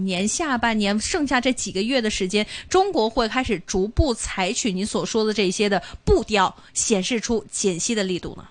年下半年剩下這幾個月的時間，中國會開始逐步採取你所說的這些的步調，顯示出減息的力度呢？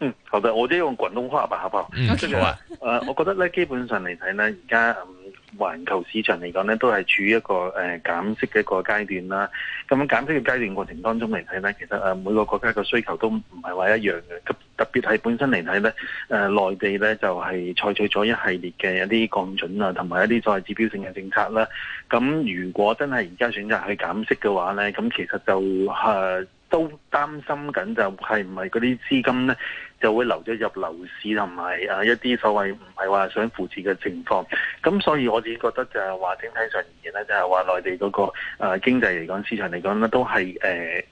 嗯，好的，我就用廣東話吧，好不好？OK，呃，我覺得呢，基本上嚟睇呢，而家嗯，環球市場嚟講呢，都係處於一個誒、呃、減息嘅一個階段啦。咁、嗯、減息嘅階段過程當中嚟睇呢，其實誒、呃、每個國家嘅需求都唔係話一樣嘅。特別係本身嚟睇咧，誒、呃、內地咧就係、是、採取咗一系列嘅一啲降準啊，同埋一啲再指標性嘅政策啦。咁如果真係而家選擇去減息嘅話咧，咁其實就誒、啊、都擔心緊，就係唔係嗰啲資金咧？就會流咗入樓市同埋啊一啲所謂唔係話想扶持嘅情況，咁所以我自己覺得就係話整體上而言咧，就係、是、話內地嗰個誒經濟嚟講、市場嚟講咧，都係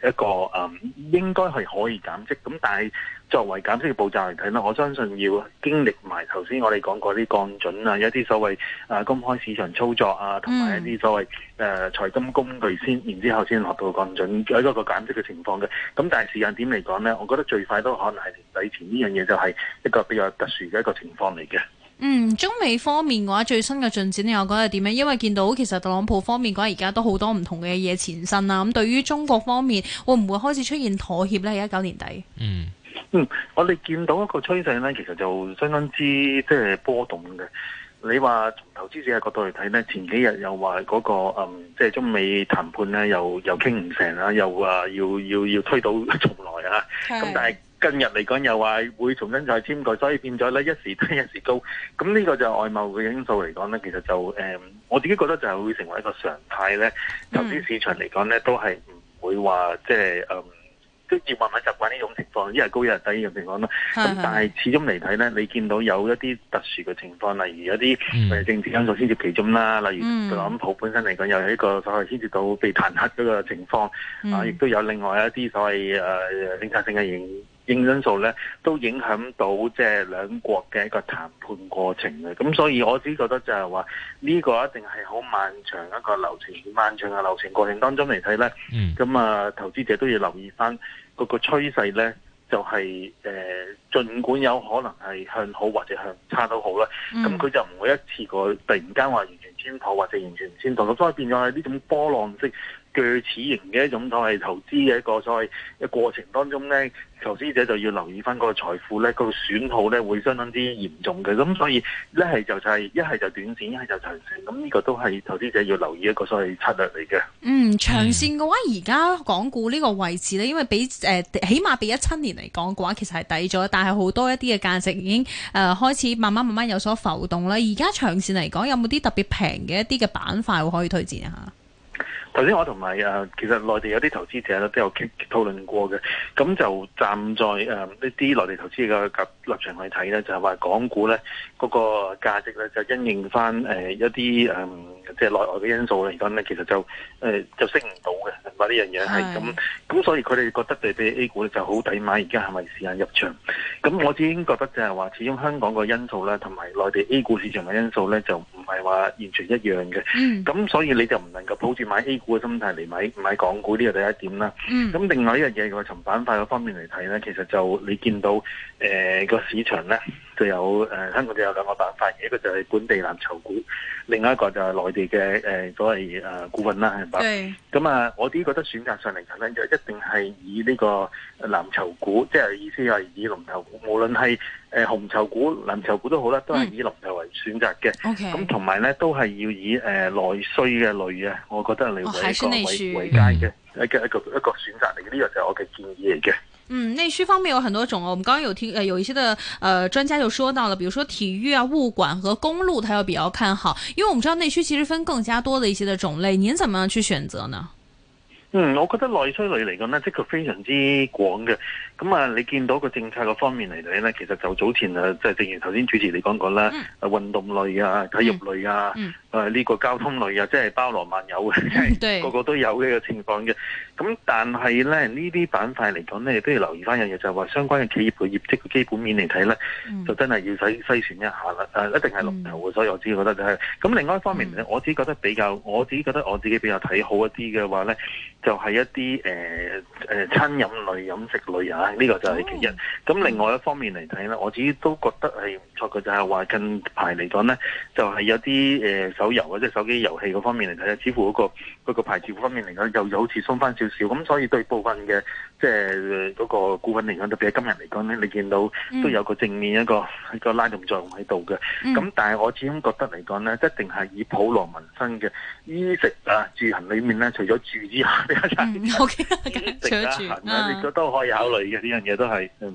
誒一個誒、嗯、應該係可以減息，咁但係作為減息嘅步驟嚟睇咧，我相信要經歷埋頭先，我哋講過啲降準啊，一啲所謂啊公開市場操作啊，同埋一啲所謂誒財金工具先，然之後先落到降準喺一個減息嘅情況嘅，咁但係時間點嚟講咧，我覺得最快都可能係年底。呢樣嘢就係一個比較特殊嘅一個情況嚟嘅。嗯，中美方面嘅話最新嘅進展咧，你我覺得係點呢？因為見到其實特朗普方面嘅話，而家都好多唔同嘅嘢前進啦。咁對於中國方面，會唔會開始出現妥協呢？喺一九年底。嗯嗯，我哋見到一個趨勢呢，其實就相當之即係波動嘅。你話從投資者嘅角度嚟睇呢，前幾日又話嗰個嗯，即係中美談判呢，又又傾唔成啦，又話要要要推倒重來啊。咁但係近日嚟講又話會重新再簽個，所以變咗咧一時低一時高。咁呢個就外貿嘅因素嚟講咧，其實就誒、呃、我自己覺得就係會成為一個常態咧。頭啲、嗯、市場嚟講咧都係唔會話即係誒，即係慢慢、呃、習慣呢種情況，一係高一係低呢種情況啦。咁是但係始終嚟睇咧，你見到有一啲特殊嘅情況，例如一啲政治因素牽涉其中啦，嗯、例如特朗普本身嚟講又有一個所謂牽涉到被彈劾嗰個情況，啊亦、嗯呃、都有另外一啲所謂誒政策、呃、性嘅影正因素咧都影響到即係兩國嘅一個談判過程嘅，咁所以我只覺得就係話，呢、這個一定係好漫長一個流程，漫長嘅流程過程當中嚟睇咧，咁啊、嗯、投資者都要留意翻嗰、那個趨勢咧，就係誒盡管有可能係向好或者向差都好啦，咁佢、嗯、就唔會一次過突然間話完全簽妥或者完全唔簽妥，所以變咗係呢種波浪式。具此型嘅一種，所謂投資嘅一個，所謂過程當中咧，投資者就要留意翻個財富咧，那個損耗咧會相當之嚴重嘅。咁所以一係就係一係就短線，一係就長線。咁、這、呢個都係投資者要留意一個所謂策略嚟嘅。嗯，長線嘅話，而家港股呢個位置咧，因為比誒、呃、起碼比一七年嚟講嘅話，其實係抵咗。但係好多一啲嘅價值已經誒、呃、開始慢慢慢慢有所浮動啦。而家長線嚟講，有冇啲特別平嘅一啲嘅板塊會可以推薦下？頭先我同埋誒，其實內地有啲投資者咧都有傾討論過嘅，咁就站在誒呢啲內地投資嘅立立場去睇咧，就係、是、話港股咧嗰、那個價值咧就因應翻誒、呃、一啲誒、嗯、即係內外嘅因素而家咧，其實就誒、呃、就升唔到嘅，話呢樣嘢係咁，咁是是所以佢哋覺得對比 A 股咧就好抵買，而家係咪時間入場？咁我自己覺得就係話，始終香港個因素咧，同埋內地 A 股市場嘅因素咧，就唔係話完全一樣嘅。咁、嗯、所以你就唔能夠抱住買 A 股。嘅心態嚟買買港股，呢個第一點啦，咁、嗯、另外一樣嘢，話從板塊嗰方面嚟睇咧，其實就你見到誒個、呃、市場咧。就有誒，香港就有兩個辦法嘅，一個就係本地藍籌股，另一個就係內地嘅誒所謂誒股份啦，係咪？咁啊對，我啲覺得選擇上嚟講呢，就一定係以呢個藍籌股，即係意思係以龍頭股，無論係誒、呃、紅籌股、藍籌股都好啦，都係以龍頭為選擇嘅。咁同埋咧，都係要以誒、呃、內需嘅類啊。我覺得你會一個為為佳嘅一嘅一個一個,一個選擇嚟嘅，呢個就係我嘅建議嚟嘅。嗯，內需方面有很多種我們剛剛有聽，呃有一些的，呃專家就說到了，比如說體育啊、物管和公路，他又比較看好，因為我們知道內需其實分更加多的一些的種類，您怎麼樣去選擇呢？嗯，我覺得內需類嚟講呢，即係非常之廣嘅，咁、嗯、啊，你見到個政策個方面嚟睇呢，其實就早前誒，即係正如頭先主持你講過啦，運動類啊，體育類啊。誒呢、啊這個交通類啊，即係包羅萬有嘅， 對 個個都有嘅、這個情況嘅。咁但係咧，呢啲板塊嚟講咧，都要留意翻有嘢就係、是、話相關嘅企業嘅業績嘅基本面嚟睇咧，嗯、就真係要使篩選一下啦、啊。一定係龍頭嘅，嗯、所以我自己覺得就係、是、咁。另外一方面呢，嗯、我自己覺得比較，我自己覺得我自己比較睇好一啲嘅話咧，就係、是、一啲誒誒餐飲類、飲食類啊，呢、這個就係其一。咁、哦、另外一方面嚟睇咧，我自己都覺得係唔錯嘅，就係、是、話近排嚟講咧，就係有啲誒。呃手遊或者手機遊戲嗰方面嚟睇咧，似乎嗰、嗰個嗰個牌子方面嚟講，又好似鬆返少少，咁所以對部分嘅即係嗰個股份嚟、呃那個、講，特別係今日嚟講咧，你見到都有個正面、嗯、一個一個拉動作用喺度嘅。咁、嗯、但係我始終覺得嚟講咧，一定係以普羅民生嘅衣食啊、住行裏面咧，除咗住之外嘅飲食行都可以考慮嘅，呢、嗯、樣嘢都係，明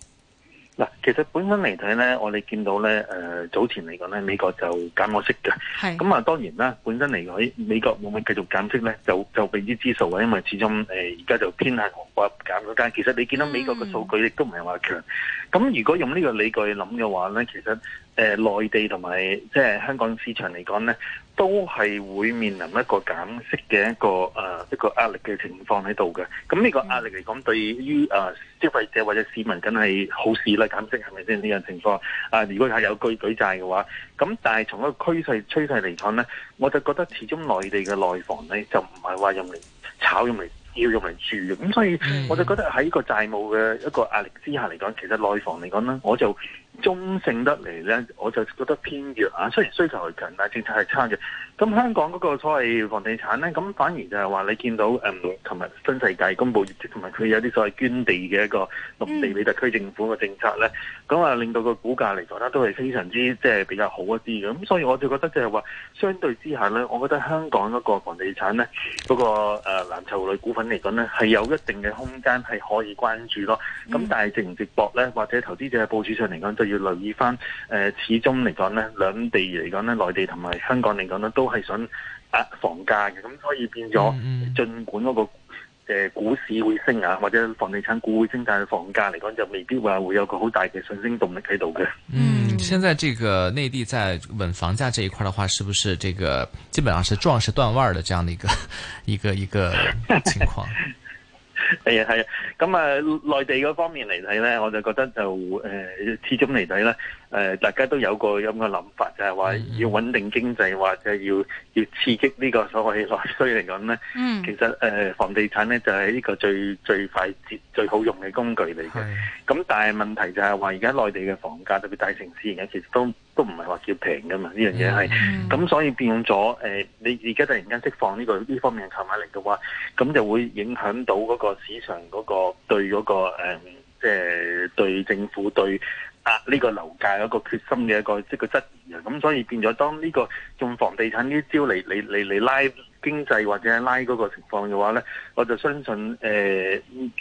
嗱，其實本身嚟睇咧，我哋見到咧，誒、呃、早前嚟講咧，美國就減息嘅，咁啊是當然啦，本身嚟講喺美國會唔會繼續減息咧？就就未知之，之數啊，因為始終誒而家就偏向韓國減咗，但其實你見到美國嘅數據亦都唔係話強，咁、嗯、如果用呢個理據諗嘅話咧，其實誒、呃、內地同埋即係香港市場嚟講咧。都係會面臨一個減息嘅一個誒、呃、一個壓力嘅情況喺度嘅，咁呢個壓力嚟講，對於誒消費者或者市民，梗係好事啦，減息係咪先呢樣情況？啊、呃，如果係有舉舉債嘅話，咁但係從一個趨勢趨勢嚟講咧，我就覺得始終內地嘅內房咧，就唔係話用嚟炒、用嚟要用嚟住嘅，咁所以我就覺得喺個債務嘅一個壓力之下嚟講，其實內房嚟講咧，我就。中性得嚟咧，我就覺得偏弱啊。雖然需求係強大，但政策係差嘅。咁香港嗰個所謂房地產咧，咁反而就係話你見到誒，琴、嗯、日新世界公布業績，同埋佢有啲所謂捐地嘅一個綠地俾特區政府嘅政策咧，咁啊令到個股價嚟講咧都係非常之即係、就是、比較好一啲嘅。咁所以我就覺得就係話，相對之下咧，我覺得香港嗰個房地產咧嗰、那個誒、呃、藍籌類股份嚟講咧，係有一定嘅空間係可以關注咯。咁但係值唔值博咧？或者投資者嘅部署上嚟講？就要留意翻，誒、呃，始終嚟講咧，兩地嚟講咧，內地同埋香港嚟講咧，都係想壓房價嘅，咁、嗯、所以變咗，盡、嗯、管嗰、那個誒、呃、股市會升啊，或者房地產股會升，但係房價嚟講就未必話會有個好大嘅上升動力喺度嘅。嗯，現在這個內地在穩房價這一塊的話，是不是這個基本上是壯士斷腕的這樣的一個一個一個情況？ 係啊，係啊，咁啊、呃，內地嗰方面嚟睇咧，我就覺得就誒、呃、始終嚟睇咧。誒、呃，大家都有個咁嘅諗法，就係、是、話要穩定經濟，或者要要刺激呢個所謂內需嚟講咧。嗯，其實誒、呃，房地產咧就係、是、呢個最最快、最最好用嘅工具嚟嘅。咁是但係問題就係話，而家內地嘅房價，特別大城市而家其實都都唔係話叫平噶嘛，呢、嗯、樣嘢係。咁、嗯、所以變咗，誒、呃，你而家突然間釋放呢、這個呢、這個、方面嘅購買力嘅話，咁就會影響到嗰個市場嗰、那個對嗰、那個誒，即、呃、係、就是、對政府對。啊！呢個樓價有一個決心嘅一個，即係個質。咁所以變咗，當呢個用房地產呢招嚟嚟嚟嚟拉經濟或者拉嗰個情況嘅話咧，我就相信誒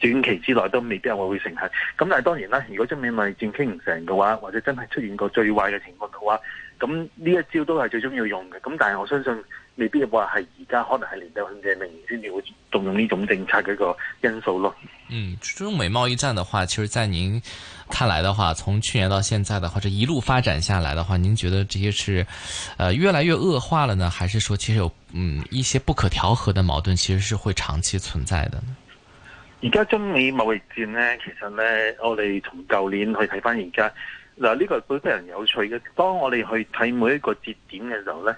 短期之內都未必會會成行。咁但係當然啦，如果中美貿易戰傾唔成嘅話，或者真係出現過最壞嘅情況嘅話，咁呢一招都係最終要用嘅。咁但係我相信未必話係而家可能係連帶嘅明年先至會動用呢種政策嘅一個因素咯。嗯，中美貿易戰嘅話，其實在您看來嘅話，從去年到現在嘅話，這一路發展下來嘅話，您覺得？這些是，越來越惡化了呢，還是說其實有，嗯，一些不可調和的矛盾，其實是會長期存在的呢？而家中美貿易戰呢，其實呢，我哋從舊年去睇返而家，嗱，呢個都非常有趣嘅。當我哋去睇每一個節點嘅時候呢，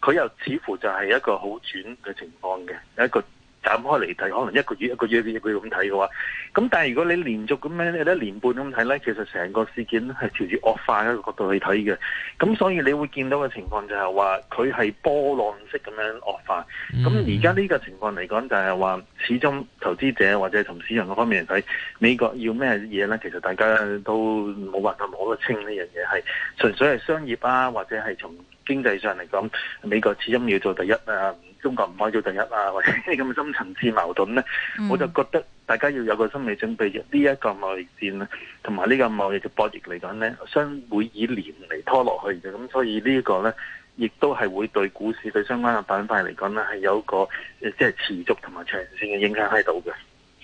佢又似乎就係一個好轉嘅情況嘅一個。打開嚟睇，可能一個月一個月一個月咁睇嘅話，咁但係如果你連續咁樣一年半咁睇呢，其實成個事件係朝住惡化嘅角度去睇嘅。咁所以你會見到嘅情況就係話，佢係波浪式咁樣惡化。咁而家呢個情況嚟講，就係話，始終投資者或者係從市場嗰方面嚟睇，美國要咩嘢呢？其實大家都冇辦法摸得清呢樣嘢，係純粹係商業啊，或者係從經濟上嚟講，美國始終要做第一啊。中國唔可以做第一啊，或者咁深層次矛盾咧，嗯、我就覺得大家要有個心理準備，呢、這、一個貿易戰咧，同埋呢個貿易嘅博弈嚟講咧，相會以年嚟拖落去嘅，咁所以個呢個咧，亦都係會對股市對相關嘅板塊嚟講咧，係有個即係、就是、持續同埋長線嘅影響喺度嘅。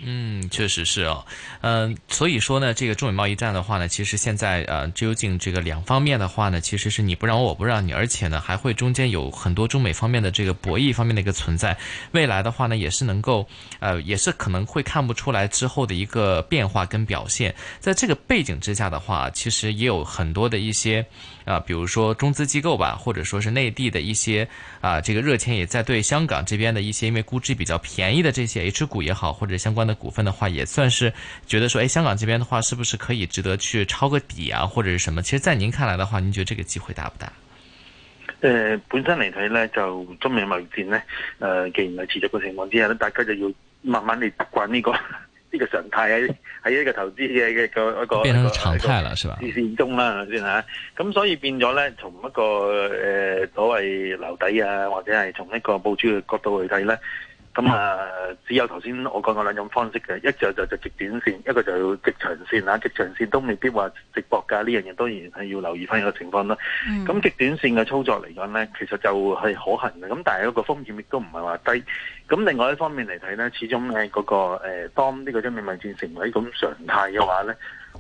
嗯，確實是哦，嗯、呃，所以說呢，這個中美貿易戰的話呢，其實現在呃，究竟這個兩方面的話呢，其實是你不讓我我不讓你，而且呢還會中間有很多中美方面的這個博弈方面的一個存在，未來的話呢也是能夠呃也是可能會看不出來之後的一個變化跟表現，在這個背景之下的話，其實也有很多的一些啊、呃，比如說中資機構吧，或者說是內地的一些啊、呃、這個熱錢也在對香港這邊的一些因為估值比較便宜的這些 H 股也好，或者相關的。股份的話也算是覺得說，誒，香港這邊的話，是不是可以值得去抄個底啊，或者是什麼？其實，在您看來的話，您覺得這個機會大不大？誒、呃，本身嚟睇咧，就中美貿易戰呢，誒、呃，既然係持續嘅情況之下咧，大家就要慢慢嚟習慣呢個呢、這個這個常態喺喺呢個投資嘅嘅一個變成一個常態啦，是吧？漸中啦，先吓，咁所以變咗咧，從一個誒所謂樓底啊，或者係從一個部署嘅角度去睇咧。咁啊，嗯、只有頭先我講嘅兩種方式嘅，一就就就極短線，一個就極長線啦。極長線都未必話值博㗎，呢樣嘢當然係要留意翻個情況啦。咁極、嗯、短線嘅操作嚟講咧，其實就係可行嘅，咁但係嗰個風險亦都唔係話低。咁另外一方面嚟睇咧，始終呢、那、嗰個誒、呃，當呢個中美貿易戰成為一種常態嘅話咧，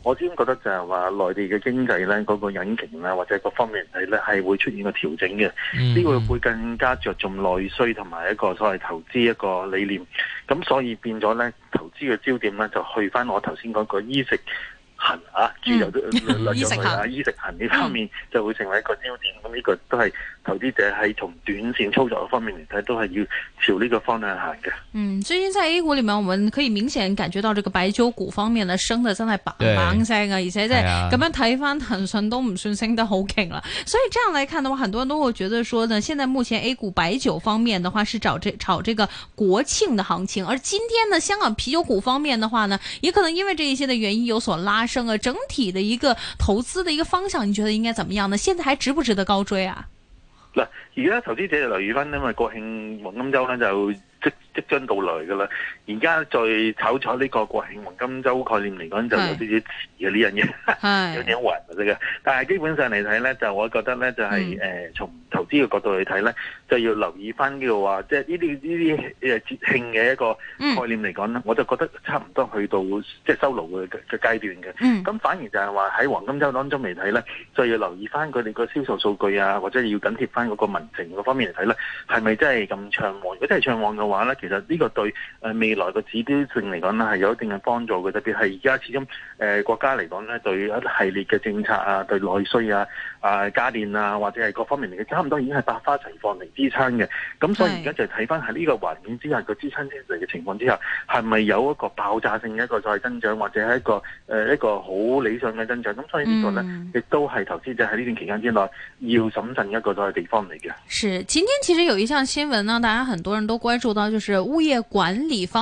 我始終覺得就係話內地嘅經濟咧，嗰個引擎啊，或者各方面嚟睇咧係會出現個調整嘅，呢個、嗯、會更加着重內需同埋一個所謂投資一個理念。咁所以變咗咧，投資嘅焦點咧就去翻我頭先講個衣食行啊，主要都拉上去啊，衣食行呢方面就會成為一個焦點。咁呢、嗯、個都係。投資者係從短線操作的方面嚟睇，都係要朝呢個方向行嘅。嗯，最近在 A 股裏面，我們可以明顯感覺到，這個白酒股方面呢升得真係棒棒聲啊，而且對在咁、啊、樣睇翻騰訊都唔算升得好勁啦。所以這樣來看的話，很多人都會覺得說呢，呢現在目前 A 股白酒方面的話，是找這炒這個國慶的行情。而今天呢，香港啤酒股方面嘅話呢，也可能因為這一些的原因有所拉升啊。整體的一個投資的一個方向，你覺得應該怎麼樣呢？現在還值不值得高追啊？嗱，而家投資者就留意翻，因為國慶黃金周咧就即即將到來嘅啦。而家再炒炒呢個國慶黃金周概念嚟講，是就有啲啲遲嘅呢樣嘢，是 有啲雲色嘅。是但係基本上嚟睇咧，就我覺得咧、就係，就係誒從投資嘅角度嚟睇咧，就要留意翻嘅話，即係呢啲呢啲誒節慶嘅一個概念嚟講咧，嗯、我就覺得差唔多去到即係收爐嘅嘅階段嘅。咁、嗯、反而就係話喺黃金周當中嚟睇咧，就要留意翻佢哋個銷售數據啊，或者要緊貼翻嗰個民情嗰方面嚟睇咧，係咪真係咁暢旺？如果真係暢旺嘅話咧，其實呢個對未，呃以來個指標性嚟講呢係有一定嘅幫助嘅，特別係而家始終誒、呃、國家嚟講呢對一系列嘅政策啊，對內需啊、啊、呃、家電啊，或者係各方面嚟嘅，差唔多已經係百花齊放嚟支撐嘅。咁所以而家就睇翻喺呢個環境之下，個是支撐出嚟嘅情況之下，係咪有一個爆炸性嘅一個再增長，或者係一個誒、呃、一個好理想嘅增長？咁所以呢個呢，亦都係投資者喺呢段期間之內要審慎一個再地方嚟嘅。是，今天其實有一項新聞呢，大家很多人都關注到，就是物業管理方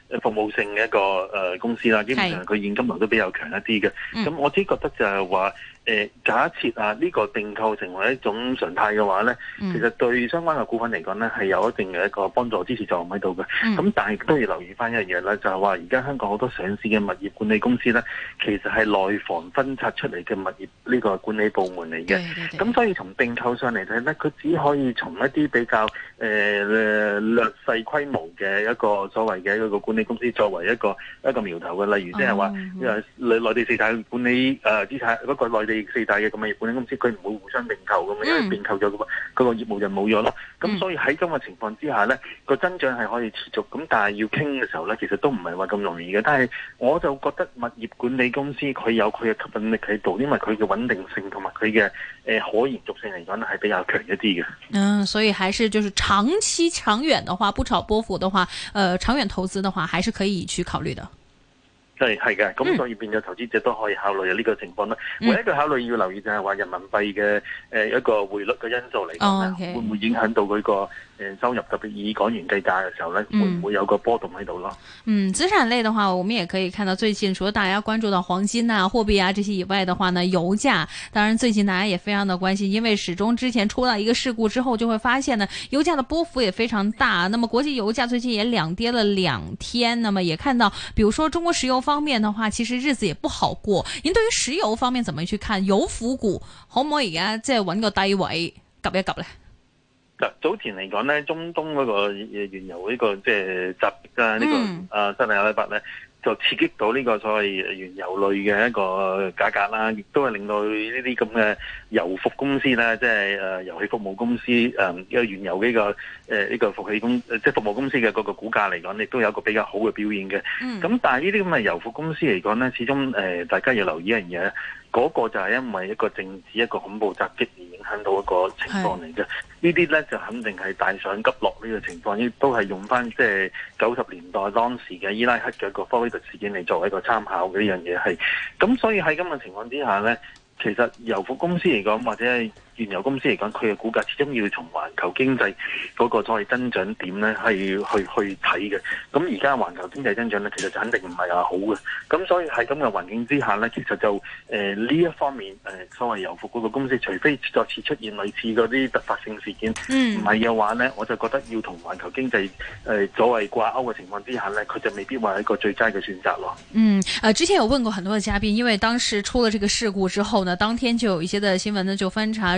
服務性嘅一個、呃、公司啦，基本上佢現金流都比較強一啲嘅，咁是我自己覺得就係話。誒假設啊，呢個併購成為一種常態嘅話咧，嗯、其實對相關嘅股份嚟講咧，係有一定嘅一個幫助支持作用喺度嘅。咁、嗯、但係都要留意翻一樣嘢咧，就係話而家香港好多上市嘅物業管理公司咧，其實係內房分拆出嚟嘅物業呢個管理部門嚟嘅。咁、嗯、所以從併購上嚟睇咧，佢只可以從一啲比較誒、呃、略細規模嘅一個所謂嘅一個管理公司作為一個一個苗頭嘅。例如即係話，因為、嗯、內地四大管理誒、啊、資產嗰、那個四四大嘅咁嘅物業管理公司，佢唔會互相併購咁嘛，因為併購咗嘅嘛，佢個、嗯、業務就冇咗咯。咁、嗯、所以喺咁嘅情況之下呢個增長係可以持續的。咁但係要傾嘅時候呢，其實都唔係話咁容易嘅。但係我就覺得物業管理公司佢有佢嘅吸引力喺度，因為佢嘅穩定性同埋佢嘅誒可延續性嚟講，係比較強一啲嘅。嗯，所以還是就是長期長遠嘅話，不炒波幅嘅話，呃，長遠投資嘅話，還是可以去考慮的。係係嘅，咁所以變咗投資者都可以考慮下呢個情況啦。唯、嗯、一嘅考慮要留意就係話人民幣嘅誒、呃、一個匯率嘅因素嚟講，oh, okay. 會唔會影響到佢、那個？收入特別以港元計價嘅時候咧，會唔會有個波動喺度咯？嗯，資產類的話，我們也可以看到最近，除了大家關注到黃金啊、貨幣啊這些以外嘅話呢，油價當然最近大家也非常的關心，因為始終之前出了一個事故之後，就會發現呢，油價嘅波幅也非常大。那麼國際油價最近也兩跌了兩天，那麼也看到，比如說中國石油方面嘅話，其實日子也不好過。您對於石油方面怎麼去看？油服股可唔可以而家即係揾個低位夾一夾咧？早前嚟講咧，中東嗰個原油呢個即係襲擊啊，呢、嗯、個啊沙特阿拉伯咧，就刺激到呢個所謂原油類嘅一個價格啦，亦都係令到呢啲咁嘅油服公司啦，即係誒油氣服務公司誒，呢個原油呢個誒呢個服務公，即、就、係、是、服務公司嘅嗰個股價嚟講，亦都有一個比較好嘅表現嘅。咁、嗯、但係呢啲咁嘅油服公司嚟講咧，始終誒大家要留意一樣嘢。嗰個就係因為一個政治一個恐怖襲擊而影響到一個情況嚟嘅。是的 呢啲呢就肯定係大上急落呢個情況，亦都係用翻即係九十年代當時嘅伊拉克嘅一個科威特事件嚟作為一個參考嘅呢樣嘢係，咁所以喺咁嘅情況之下呢，其實油服公司嚟講或者係。原油公司嚟講，佢嘅股價始終要從環球經濟嗰個所謂增長點咧，係去去睇嘅。咁而家環球經濟增長咧，其實就肯定唔係話好嘅。咁所以喺咁嘅環境之下咧，其實就誒呢、呃、一方面誒、呃、所謂油服嗰個公司，除非再次出現類似嗰啲突發性事件，唔係嘅話咧，我就覺得要同環球經濟誒所謂掛鈎嘅情況之下咧，佢就未必話係一個最佳嘅選擇咯。嗯，誒、呃、之前有問過很多嘅嘉賓，因為當時出了這個事故之後呢，當天就有一些嘅新聞呢，就翻查。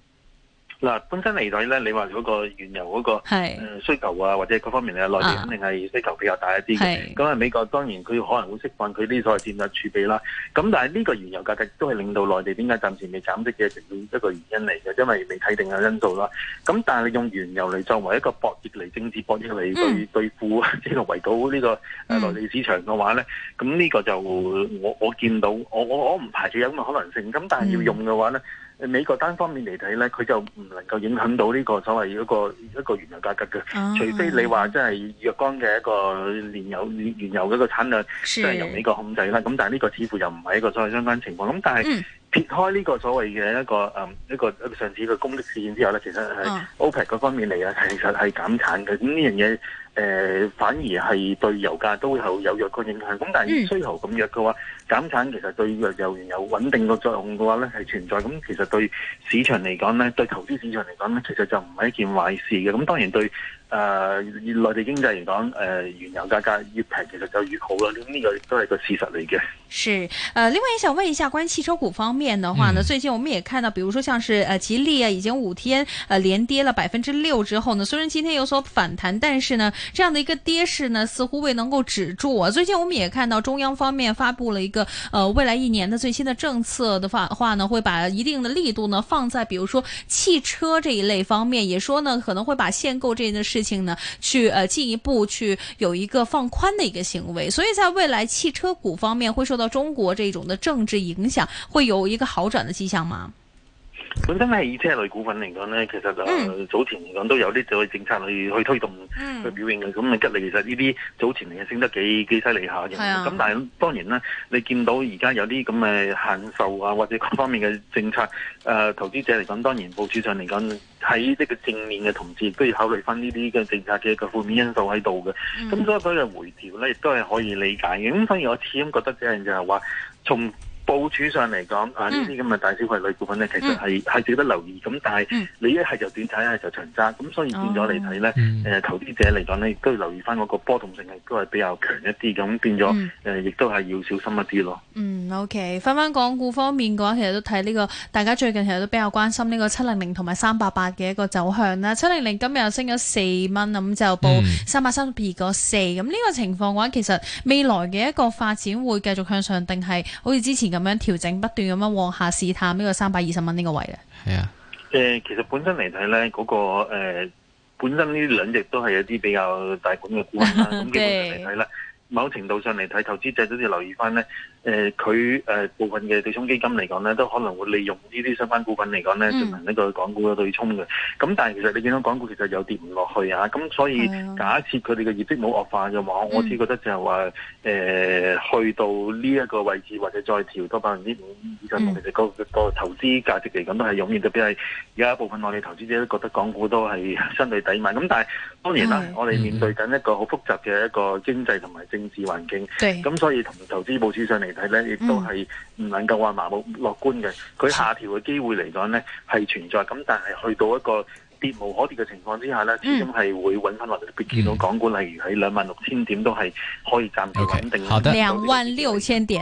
嗱，本身嚟睇咧，你話嗰個原油嗰個誒需求啊，是或者各方面咧，內地肯定係需求比較大一啲嘅。咁啊，美國當然佢可能會釋放佢啲所謂戰略儲備啦。咁但係呢個原油價格都係令到內地點解暫時未減息嘅一個原因嚟嘅，因為未睇定嘅因素啦。咁、嗯、但係用原油嚟作為一個博弈嚟政治博弈嚟對對付即係、嗯、圍堵呢個內地市場嘅話咧，咁呢個就我我見到我我我唔排除有咁嘅可能性。咁但係要用嘅話咧。嗯呢美國單方面嚟睇咧，佢就唔能夠影響到呢個所謂嗰一,一個原油價格嘅，啊、除非你話即係若干嘅一個煉油原油嗰個產量即係由美國控制啦。咁是但呢個似乎又唔係一個所謂相關情況。咁但係撇開呢個所謂嘅一個誒一個上次嘅攻擊事件之後咧，其實係 OPEC 嗰方面嚟嘅，其實係減產嘅。咁呢樣嘢。誒、呃、反而係對油價都有有弱嘅影響，咁但係需求咁弱嘅話，減產其實對油價有穩定嘅作用嘅話咧，係存在的。咁、嗯、其實對市場嚟講咧，對投資市場嚟講咧，其實就唔係一件壞事嘅。咁、嗯、當然對。呃，以內地經濟嚟講，呃，原油價格越平其實就越好啦。咁呢個都係個事實嚟嘅。是，呃，另外也想問一下，關於汽車股方面的話呢？嗯、最近我們也看到，比如說像是呃吉利啊，已經五天呃、啊、連跌了百分之六之後呢，雖然今天有所反彈，但是呢，這樣的一個跌勢呢，似乎未能夠止住。啊。最近我們也看到中央方面發布了一個呃未來一年的最新的政策的話話呢，會把一定的力度呢放在，比如說汽車這一類方面，也說呢可能會把限購這件事。事情呢，去呃進一步去有一個放寬的一個行為，所以在未來汽車股方面會受到中國這種的政治影響，會有一個好轉的跡象嗎？本身係以車類股份嚟講咧，其實就、嗯、早前嚟講都有啲咁嘅政策去去推動、嗯、去表現嘅，咁啊吉利其實呢啲早前嚟嘅升得幾幾犀利下嘅，咁、啊、但係當然啦，你見到而家有啲咁嘅限售啊，或者各方面嘅政策誒、呃，投資者嚟講當然部署上嚟講喺呢個正面嘅同時都要考慮返呢啲嘅政策嘅一個負面因素喺度嘅，咁、嗯、所以佢嘅回調咧亦都係可以理解嘅。咁所以我始終覺得即係就係話從部署上嚟講，啊呢啲咁嘅大消費類股份咧，其實係係值得留意。咁、嗯、但係你一係就短睇，一係、嗯、就長揸。咁、哦、所以變咗嚟睇咧，誒、嗯、投資者嚟講咧，都留意翻嗰個波動性係都係比較強一啲。咁變咗誒，亦、嗯呃、都係要小心一啲咯。嗯，OK，翻翻港股方面嘅話，其實都睇呢、呢個大家最近其實都比較關心呢個七零零同埋三八八嘅一個走向啦。七零零今日又升咗四蚊，咁就報三百三十二個四。咁呢個情況嘅話，其實未來嘅一個發展會繼續向上，定係好似之前咁？咁樣調整，不斷咁樣往下試探呢，這個三百二十蚊呢個位咧。係啊 Yeah.，誒， 其實本身嚟睇咧，嗰，那個誒、呃，本身呢兩隻都係有啲比較大盤嘅股啦。咁基本上嚟睇啦，某程度上嚟睇，投資者都要留意翻咧。誒佢誒部分嘅對沖基金嚟講咧，都可能會利用呢啲相關股份嚟講咧進行呢個港股嘅對沖嘅。咁但係其實你見到港股其實有跌唔落去啊，咁所以假設佢哋嘅業績冇惡化嘅話，我，嗯、我只覺得就係話誒去到呢一個位置或者再調多百分之五以上，其實、嗯那個個，個投資價值嚟講都係仍然特別係而家一部分外資投資者都覺得港股都係相對抵買。咁、啊、但係當然啦、啊，嗯、我哋面對緊一個好複雜嘅一個經濟同埋政治環境，咁是所以同投資報紙上嚟。係咧，亦都係唔能夠話盲目樂觀嘅。佢下調嘅機會嚟講咧，係存在。咁但係去到一個跌無可跌嘅情況之下咧，始終係會揾翻落嚟。見到港股例如喺兩萬六千點都係可以暫時穩定。好的，兩萬六千點。